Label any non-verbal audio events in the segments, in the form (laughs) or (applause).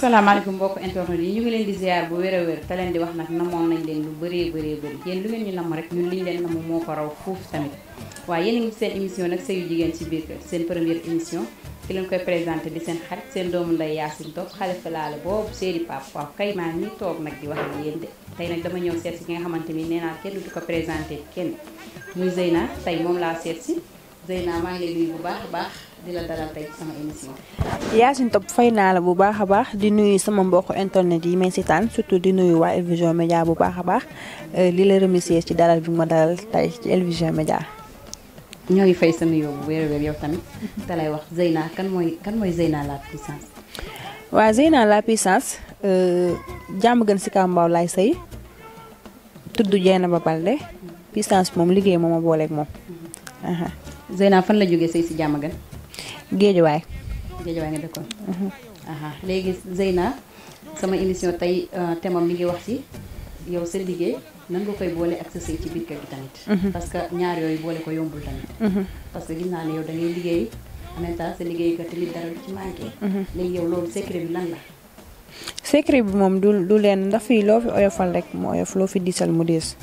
salaamaaleykum mbokk internet yi ñu ngi leen di ziar bu wér a wér te leen di wax nag namoon nañ leen lu bëree bëree bëri yéen lu ngeen ñu nam rek ñun liñ leen nam moo ko raw foofu tamit waaye yéen a ngi seen émission nag sëyu jigéen ci biir seen première émission ki leen koy présenté di seen xarit seen doomu nday Yacine Top xalifa laale boobu seeni pap waaw kay maa ngi toog nag di wax ak yéen de tey nag dama ñëw seet si ki nga xamante ni nee kenn du ko présenté kenn muy Zeyna tey moom laa seet si Zeyna maa ngi lay baax a baax di la dalal tey sama fay naa la bu baax a baax di nuyu sama mbokku internet yi may seetaan surtout di nuyu waa Elvision Média bu baax a baax li euh, la remercier ci dara bi ma dalal tey ci Elvision Média. ñoo ngi fay sa nuyoo bu wér yow tamit te lay wax Zeyna kan mooy kan mooy Zeyna la puissance. waa Zeyna la puissance euh, jàmm gën si kàmbaaw laay sëy tudd Dieynaba Balde puissance moom liggéey moom a booleeg moom. naa fan la jógee sëy si jàmm gën. géejuwaay géejuwaay nga dëkkoon léegi Zeyna sama émission tey euh, te am li ngi wax ci yow sa liggéey nan koy boole ak sa sëy ci biir kër gi tamit mhm. parce que ñaar yooyu boole ko yombul tamit mhm. parce que gis naa ne yow liggéey en sa liggéey ka tamit dara du ci manqué mhm. léegi yow loolu secret bi lan la secret bi moom du du leen ndax fii loo fi oyofal rek mu oyof loo fi diisal mu diis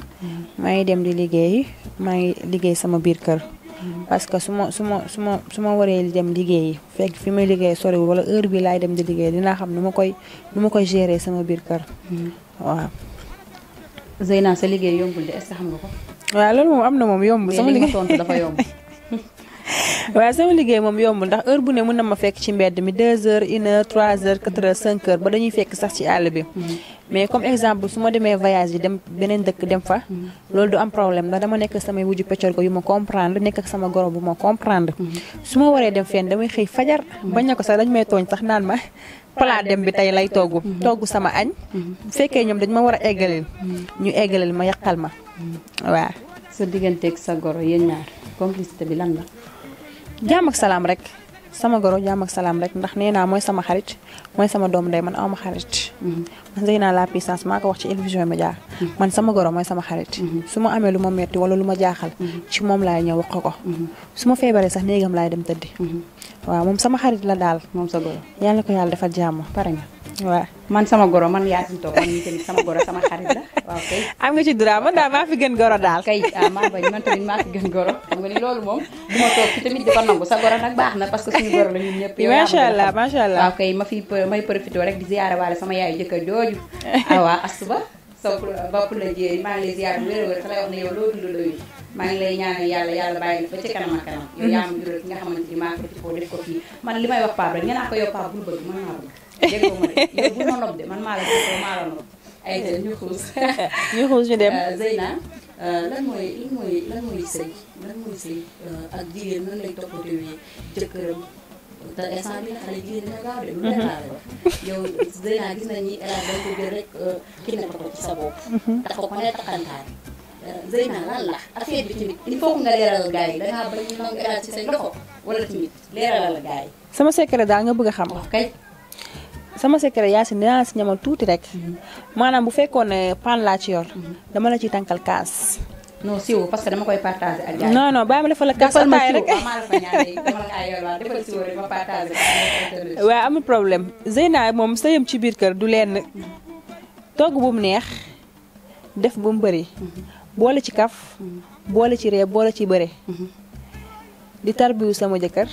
maa ngi dem di liggéey maa ngi liggéey sama biir kër parce que su ma su ma su ma su ma waree dem liggéeyi fekk fi may liggéey soriwul wala heure bi laay dem di liggéey dina xam nu ma koy nu ma koy gérer sama biir kër waaw. Zeyna sa liggéey yombul de est-ce ko. waaw loolu moom am na moom yombul sama liggéey tontu dafa yomb. (laughs) (laughs) waaw sama liggéey moom yombul ndax heure bu ne mun na ma fekk ci mbedd mi 2 heures 1 heure 3 heures 4 heures heures ba dañuy fekk sax ci àll bi. Mhm. mais comme exemple su ma demee voyage yi dem beneen dëkk dem fa loolu du am problème ndax dama nekk samay wujju peccorgo yu ma comprendre nekk ak sama goro bu ma comprendre su ma waree dem fenn damay xëy fajar bañ na ko sax dañ may tooñ sax naan ma plat dem bi tey lay togg togg sama añ bu fekkee ñoom dañ ma war a eggaleel ñu eggaleel ma yàqal ma waaw sa diggante ak sa goro yéen ñaar complicité bi lan la jàmm ak salaam rek sama goro jàmm ak salaam rek ndax nee naa mooy sama xarit mooy sama doom ndey man aw ma xarit. Mhm. man naa la puissance maa ko wax ci Elvision Média mhm. man sama goro mooy sama xarit. Mhm. su ma amee lu ma metti wala lu ma jaaxal. ci moom laay ñëw wax ko. su ma feebaree sax néegam laay dem tëddi. waaw moom sama xarit la daal. moom sa goro yàlla ko yàlla defal jaamo pare nga. man sama goro man yaa ngi toog man mii tamit sama goro sama xarit la waaw kay. am nga ci droit man daal maa fi gën goro daal. kay ah maa man tamit maa fi gën goro xam nga ni loolu moom du ma toog fi tamit di ko nangu sa goro nag baax na parce que suñu goro la ñun ñëpp. macha allah macha allah waaw kay ma fi may profité rek di ziyaara waale sama yaayu jëkkër jooju. waaw asuba. sopp bopp la jéey maa ngi lay ziyaar bu wér a wér te lay wax ne yow loo dund looyu maa ngi lay ñaanal yàlla yàlla bàyyi ba ci kanam ak kanam. yow yaa ma jural ki nga xamante ni maa ko ci def ko fii man li may wax Pape rek nee naa ko yow Pape bul bëgg mën naa bëgg déggoo ma de euh, jigéen nan lay tax ko ne taxantaan. Euh, Zeyna lan la affaire bi tamit il faut nga leeralal gars yi dangaa bañ ñu nangu ci say loxo wala tamit leeralal gars sama secret daal nga bëgg a xam. kay. sama secret yaa si dinaa si ñamal tuuti rek mhm. maanaam bu fekkoon ne pan laa ci yor mhm. dama la ciy tànkal kaas. no siiw parce que dama koy partagé ak yaay. non non bàyyi ma defal la kaas ataay amul problème Zeyna moom sëyam ci biir kër du leen mhm. togg bu mu neex def bu mu bëri boole ci kaf boole ci ree boole ci bëre di tarbiwu sama jëkkër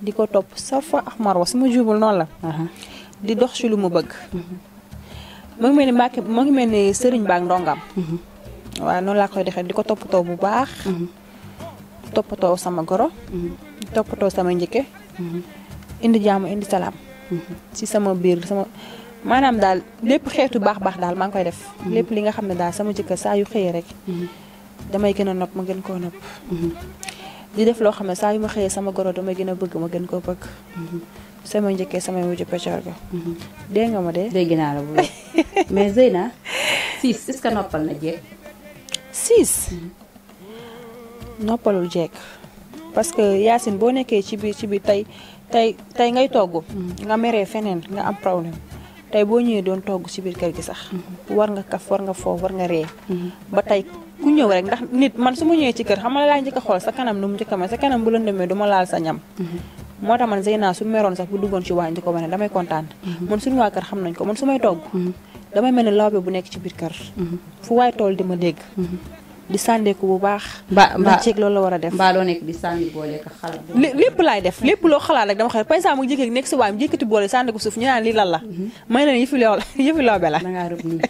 di ko topp safa ak marwa su ma noonu la di dox ci lu ma bëgg. mu ngi mel ni Mbacke mu ngi mel ni Serigne Ba ak ndongam. waaw noonu laa koy defee di ko toppatoo bu baax. toppatoo sama goro. toppatoo sama njëkke. indi jaamu indi salaam. ci sama biir sama maanaam daal lépp xeetu baax baax daal maa ngi koy def. lépp li nga xam ne daal sama jëkkër saa yu xëyee rek. damay gën a nopp ma gën koo nopp. di def loo xam ne saa yu ma xëyee sama goro damay gën a bëgg ma gën koo bëgg. sama mau sama wujju peccoor mau de nga ma de de gina la bu mais zeina siis est-ce que nopal na jeeg sis, noppalul jek parce que yassine bo nekkee ci tai ci bi tay tay tay ngay togg nga méré fenen nga am problème tay bo ñëw doon togg ci bir kër gi sax mhm. war nga kaf war nga fo war nga ré mhm. ba tay ku ñëw rek ndax nit man su ci kër xam nga la sa kanam nu mu njëkk sa kanam bu lu demee duma laal sa ñam mhm. moo tax man Zeyna su meroon sax bu duggoon ci waañ di ko wane damay kontaan. man mhm. suñu waa kër xam nañ ko man su may togg. Mhm. damay mel ni lawbe bu nekk ci biir kër. Mhm. fu waay tool di ma dégg. di sàndeeku bu baax. ba mbaa ceeg loolu la war a def. mbaa loo nekk di sànni boole ak xalaat. lépp laay def lépp loo xalaat rek dama xam ne par exemple mu jékki nekk si waayam jékkati boole sàndeeku suuf ñu naan lii lan la. may na yëfi loobe (laughs) la. da ngaa rëb nii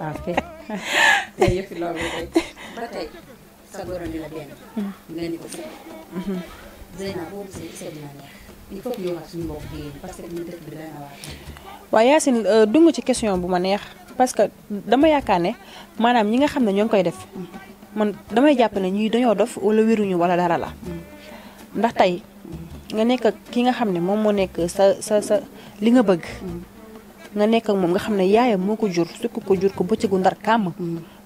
waaw (laughs) ah, kay (laughs) tey yëfi la benn. Mm-hmm. nga ni ko. Zeyna sin, c'est extraordinaire waaw dugg ci question bu ma neex parce que dama yaakaar ne maanaam ñi nga xam ne ñoo ngi koy def man damay jàpp ne ñuy dañoo def wala wéruñu wala dara la ndax tey nga nekk ki nga xam ne moom moo nekk sa sa sa li nga bëgg nga nekk ak moom nga xam ne yaayam moo ko jur sukk ko jur ko bëccëgu ndar kàmm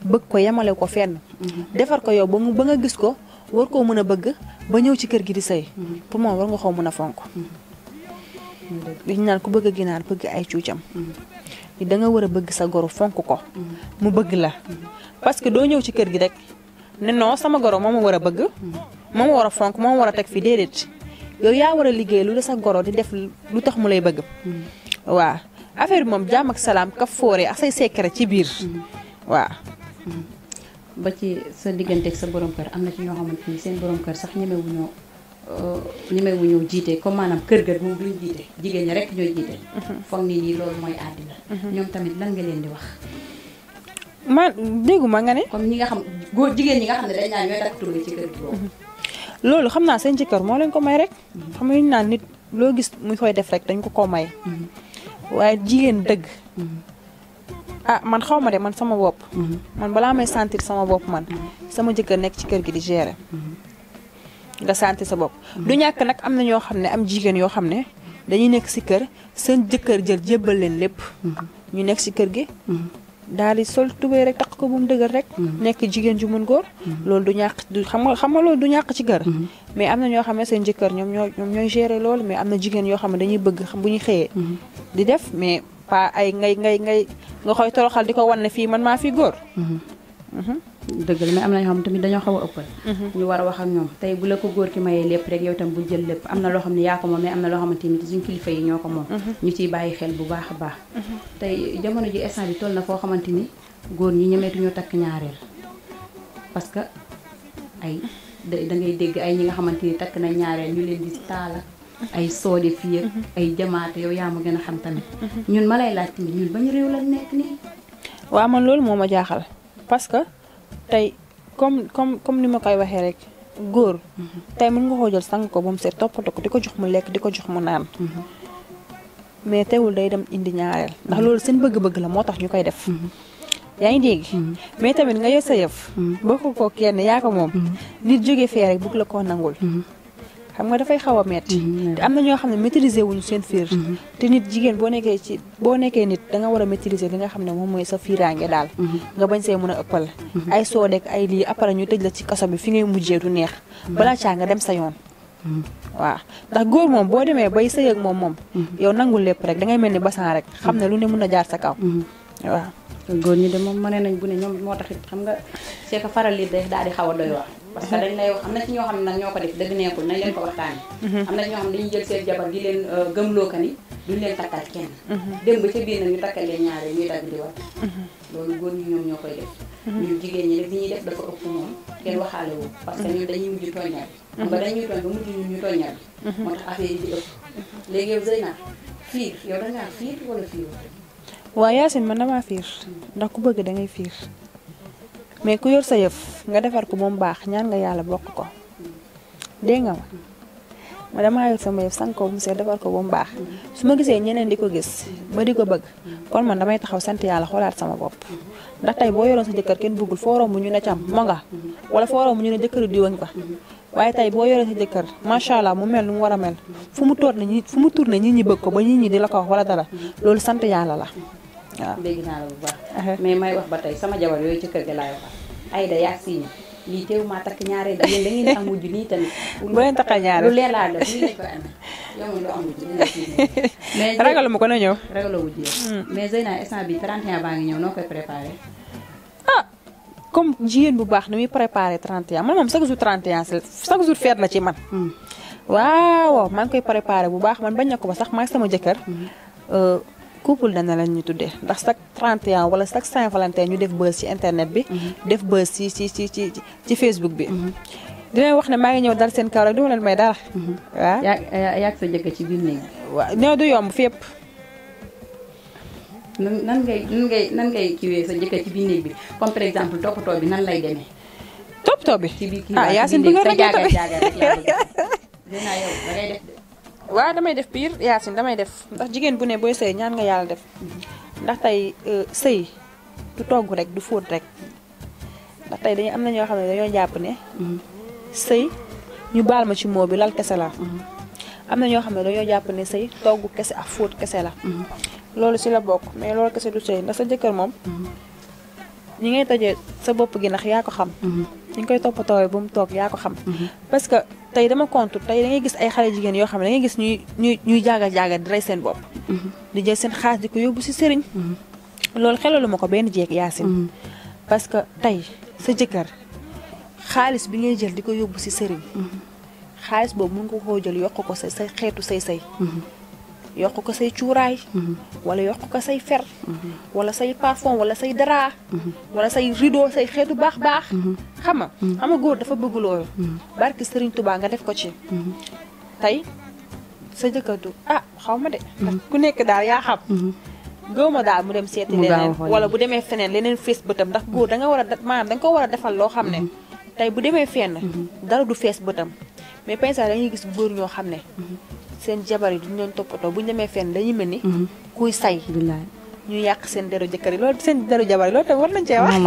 bëgg ko yemale ko fenn mm-hmm. defar ko yow ba nga gis ko war koo mën a bëgg ba ñëw ci kër gi di sëy mm-hmm. pour moom war nga xaw mën a fonk liñ mm-hmm. naan ku bëgg a ginaar bëgg ay cuucam mm-hmm. da nga war a bëgg sa goro fonk ko mu bëgg la parce que doo ñëw ci kër gi rek ne noo sama goro moom war a bëgg moom war a fonk moom war a teg fi déedéet yow yaa war a liggéey lu la sa goro di def lu tax mu lay bëgg waa affaire bi moom jàmm ak salaam ka foore ak say secret ci biir waa ba ci sa digganteek ak sa borom kër am na ci ñoo xamante ni seen boroom kër sax ñemewuñoo euh, ñemewuñoo jiite comme maanaam kër ga moom duñ jiite jigéen ñi rek ñooy jiite. Mhm. foog ni nii loolu mooy àddina. Mhm. ñoom tamit lan nga leen di wax. man dégguma nga ne. comme ñi nga xam góor jigéen ñi nga xam ne dañ naan ñooy takk tur ci kër gi mhm. loolu xam naa seen kër moo leen ko may rek. xam nañu naan nit loo gis mu koy def rek dañ ko koo may. waaye jigéen dëgg. ah man xaw ma de man sama bopp. Mhm. man balaa may sentir sama bopp man mhm. sama jëkkër nekk ci kër gi di gérer. Mhm. nga sentir sa bopp. du ñàkk nag am na ñoo xam ne am jigéen yoo xam ne dañuy nekk si kër seen jëkkër jël jébbal leen lépp. ñu nekk si kër gi. daal di sol tubéy rek tax ko dëgër rek. nekk jigéen ju mën góor. loolu du ñàkk du xam nga du ñàkk ci kër. mais am na ñoo xam ne seen jëkkër ñoom ñoo ñoom ñooy gérer loolu mais am na jigéen yoo xam ne dañuy bëgg xam bu ñu xëyee. di def mais. pa ay ngay ngay ngay nga koy toroxal di ko wan ne man ma fi gor mhm. mhm. dëgg la mais amna na ñoo xam tamit dañoo xaw ëppal. Mhm. ñu wara wax ak ñoom tay bu la ko góor ki maye lepp rek yow tam bu jël lepp amna lo xamni ya ko mom mais amna lo xamni xamante suñu kilifa yi ñoko mom ñu ci bayyi xel bu baax baax. tay jamono ji instant bi toll na foo xamante ni góor ñi ñu tak ñaarel parce que ay da ngay dégg ay ñi nga xamanteni tak na ñaarel ñu leen di taala. ay soode fii ak mhm. ay jamaate yow yaa ma gën a xam tamit mhm. ñun ma lay laaj tamit ñun bañu réew la nekk nii waaw man loolu moo ma jaaxal parce que tey comme comme comme ni ma koy waxee rek góor mhm. tey mën nga koo jël sang ko ba mu seet toppatoo ko di ko jox mu lekk di ko jox mu naan mais teewul day dem indi ñaareel ndax loolu seen bëgg-bëgg la moo tax ñu koy def yaa ngi dégg mais tamit nga yor sa yëf bokk ko kenn yaa ko moom nit jóge fee rek bëgg la koo nangul xam nga dafay xaw a metti mm-hmm. te am na ñoo xam ne maîtriser wuñu seen fiir mm-hmm. te nit jigéen boo nekkee ci boo nekkee nit da war a maîtriser li nga xam ne moom mooy sa fiiraange daal mm-hmm. nga bañ see mën a ëppal ay soodek ay lii après ñu tëj la ci kaso bi fi ngay mujjee du neex balaa caa nga dem sa yoon waaw ndax góor moom boo demee bay sëy ak moom moom yow nangul lépp rek dangay mel ni basan rek xam ne lu ne mën a jaar sa kaw waaw góor ñi de moom mënee nañ bu ne ñoom moo tax it xam nga c'est faral li de daal di xaw a doy waar parce que dañ lay wax am na ci ñoo xam ne nag ñoo ko def dëgg neexul nañ leen ko waxtaane mhm. am na ci ñoo xam ne dañuy jël seen di leen euh, gëmloo ka ni duñ leen takkal mhm. ñu takkal leen ñaare ñuy mhm. loolu góor ñi ñoom ñoo koy def ñun jigéen ñi nag dafa ëpp moom kenn waxaale wu parce que ñun dañuy mujj tooñal ñu tooñal moo tax affaire yi di ëpp léegi yow Zeyna fiir yow dangaa fiir wala fiir waa yaasin man damaa fiir ndax ku bëgg da ngay fiir mais ku yor sa yëf nga defar ko moom baax ñaan nga yàlla bokk ko dégg nga ma ma damaa yor sama yëf sang ko mu seet defar ko ba mu baax su ma gisee ñeneen di ko gis ba di ko bëgg kon man damay taxaw sant yàlla xoolaat sama bopp ndax tey boo yoroon sa kenn bëggul foo romb ñu ne cam ma wala foo romb ñu ne jëkkër diwañ ko waaye tey boo yoree sa jëkkër macha allah mu mel lu mu war a mel fu mu toot na ñi fu mu tourné nit ñi bëgg ko ba nit ñii di la ko wala dara loolu sant yàlla la waaw dégg naa la bu baax. mais may wax ba tey sama jabar yooyu ci kër ga laay wax ay da yaa siiñu lii teew maa takk ñaareel da ngeen da ngeen am mujj nii tamit. bu leen takk ñaareel lu leer laa def nii ko amee yow lu am mujj dina ci mais ragaluma ko na ñëw. ragaloo mujj yow. mais Zeyna instant bii 31 baa ngi ñëw noo koy préparé. comme jigéen bu baax muy préparé 31 man moom chaque jour 31 chaque jour la ci man. waaw koy préparé bu baax man bañ ko ba sax maa sama jëkkër. couple dana lañ ñu tuddee ndax chaque 31 wala chaque Saint-Valentin ñu def buzz ci internet bi. Mhm. def buzz ci ci ci ci ci Facebook bi. Mhm. dinañ wax ne maa ngi ñëw dal seen kaw rek du ma may dara. Mhm. waaw yaa yaa sa jëkkër ci biir néeg. waaw ñëw du yomb fépp. nan nan ngay nan ngay nan sa jëkkër ci biir néeg bi comme par exemple toppatoo bi nan lay demee. toppatoo bi yaa ah, seen bëgg rek jaagar jaagar rek (laughs) waaw damay def biir yaasin damay def ndax jigéen bu ne booy sëy ñaan nga yàlla def ndax tey euh, sëy du togg rek du fóot rek ndax tey dañu am na ñoo xam ne dañoo jàpp ne mhm. sëy ñu baal ma ci bi lal kese la mhm. am na ñoo xam ne dañoo jàpp ne sëy togg kese ak fóot kese la mhm. loolu ci la bokk mais loolu kese du sëy ndax sa jëkkër moom ñi ngay tojee sa bopp gi ndax yaa ko xam ñu ngi koy toppatoowee ba mu toog yaa ko xam. parce que tey dama compte tey da ngay gis ay xale jigéen yoo xam ne da ngay gis ñuy ñuy ñuy jaaga jaaga di rey seen bopp. di jël seen xaas di ko yóbbu si sëriñ. loolu xelalu ko benn jeeg yaasin. parce que tey sa jëkkër xaalis bi ngay jël di ko yóbbu si sëriñ. xaalis boobu mun nga koo jël yokk ko sa say xeetu say say. yokk ko say cuuraay. Mhm. wala yokk ko say fer. Mhm. wala say parfum wala say dara. Mhm. wala say rideau say xeetu baax baax. xam nga góor dafa bëgg loolu. barki Serigne Touba nga def ko ci. tey sa jëkkër du ah xaw ma de. ku nekk daal yaa xam. gëw ma daal mu dem seeti leneen wala bu demee feneen leneen fees bëtam ndax góor da nga war a maanaam da nga ko war a defal loo xam ne. tey bu demee fenn. dara du fees bëtam mais pensa dañuy gis góor ñoo xam ne. seen jabar yi duñu leen toppatoo bu ñu demee fenn dañuy mel ni. Mhm. kuy say. ñu yàq seen deru jëkkër yi loolu seen deru jabar yi loolu tamit war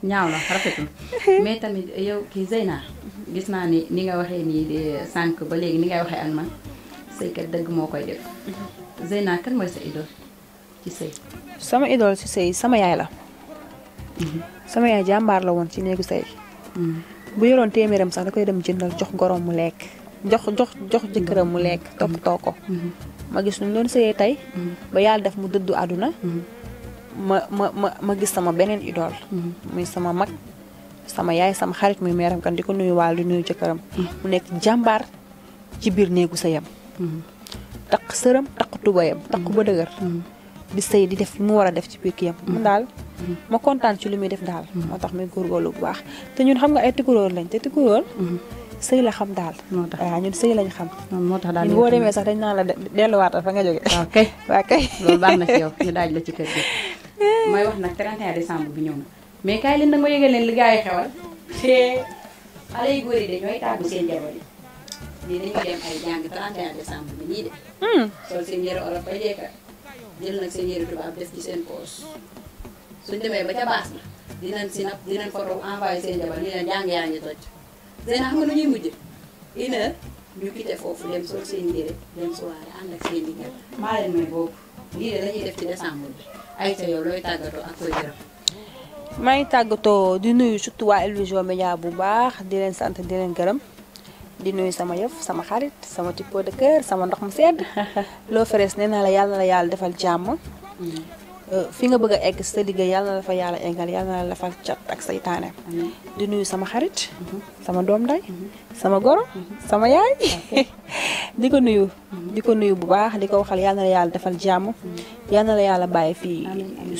(laughs) mais tamit yow kii Zeyna gis naa ni ni nga waxee nii de sànq ba léegi ni ngay waxee ak man sëykat dëgg moo koy def. Mhm. Zeyna kan mooy sa idole ci sëy. sama idole ci sëy sama yaay la. Mhm. sama yaay jàmbaar la woon ci néegu say bu yoroon téeméeram sax da koy dem jëndal jox gorom mu lekk. jox jox jox jëkkëram mu lekk magisunun ko mm-hmm. ma gis nu mu doon sëyee tey mm-hmm. ba yàlla def mu dëddu aduna mm-hmm. ma ma ma ma gis sama beneen idol, muy sama mag sama yaay sama xarit muy meeram kan di ko nuyu waal di nuyu jëkkëram mu nekk jàmbaar ci biir néegu yam taq sëram taq tubayam taq ba dëgër di sëy di def mu war a def ci biir kiyam mu daal ma ci lu muy def dal, moo tax muy góorgóorlu bu baax te ñun xam nga ay lañ te sëy la xam daal. moo tax waaw ñun sëy lañ xam. moo tax daal ñun boo demee sax dañ naan la delluwaat fa nga jóge waaw ah, kay (laughs) waaw kay. loolu baax na ci yow ñu daaj la ci kër gi. (laughs) mooy wax nag 31 décembre bi ñëw mais kaay leen nag ma yëgal leen li gars yi xewal. te xale yu góor yi de yi. nii dañuy bi ñii de. Hmm. sol seen yëre olof ba jeeka jël nag seen yëre tubaab def ci seen poche suñ demee ba ca baas na dinañ si nag dinañ photo envoyé seen jabar ñu leen jàng yaa ngi toj. Zeyna xam nga nu ñuy mujj une ñu quitté foofu dem sol seen yére dem soirée ànd ak seen liggéey maa leen boobu lii de la def ci décembre bi ay ca yow looy tàggatoo ak koy gërëm. maa ngi tàggatoo di nuyu surtout waa El Vision Médias bu baax di leen sant di leen gërëm di nuyu sama yëf sama xarit sama tipo de cœur sama ndox mu sedd (laughs) loo ferees nee na la yàlla na yàlla defal jàmm. Mm-hmm. Euh, fi nga bëgg a egg sa liggéey yàlla na la fa yàlla eggal na la fa cat ak saytaane. di nuyu sama xarit. Mhm. sama doom day mhm. sama goro. Mhm. sama yaay. (laughs) di ko nuyu. di ko nuyu bu baax di ko waxal yàlla na la yàlla defal jàmm. yàlla na yàlla bàyyi fii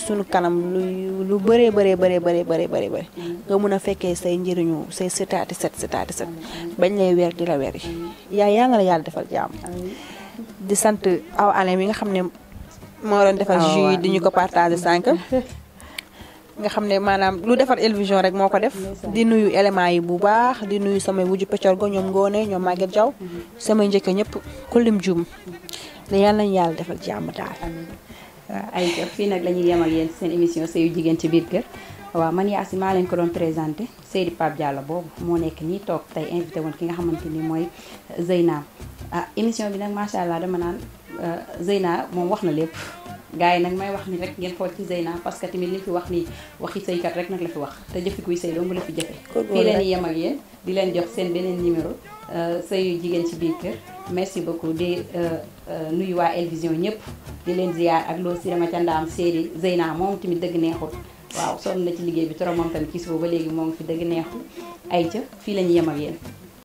sunu kanam lu lu bëree bëree bëree bëree bëree bëri. nga mun a fekkee say njëriñu say set setaati set. bañ lay weer di la weer yi. yaay yàlla na la yàlla defal jàmm. di sant aw alem yi nga xam ne. moo doon defar ah, jus yi di ñu ko partagé sànq. (laughs) nga xam ne maanaam lu defar Elvision rek moo ko def. di nuyu éléments yi bu baax di nuyu samay wujju peccorgo ñoom Ngone ñoom Maguette Diaw. Mhm. samay njëkk ñëpp ku lim juum. mais yal nañu yàlla defal jàmm daal. waaw ay fii nag la ñuy yem ak seen émission sëyu jigéen ci biir kër. waaw man yaa si maa leen ko doon présenté Seydi Pape Diallo boobu moo nekk nii toog tey invité woon ki nga xamante ni mooy Zeyna ah émission bi nag macha allah dama naan. Euh, Zeyna moom wax na lépp gars yi nag may wax ni rek ngeen xool ci Zeyna parce que tamit li fi wax nii waxi sëykat rek nag la fi wax te jëfi kuy sëy dong la fi jëfe fii la ñuy yem ak yéen di leen jox seen beneen numéro euh, sëyu jigéen ci biir kër merci beaucoup di euh, nuyu waa El ñëpp di leen ziar ak loolu si dama ca ndaam Zeyna moom tamit dëgg neexul waaw sonn na ci liggéey bi trop moom tamit ci suba ba léegi moom fi dëgg neexul ay ca fii la ñuy yem ak yéen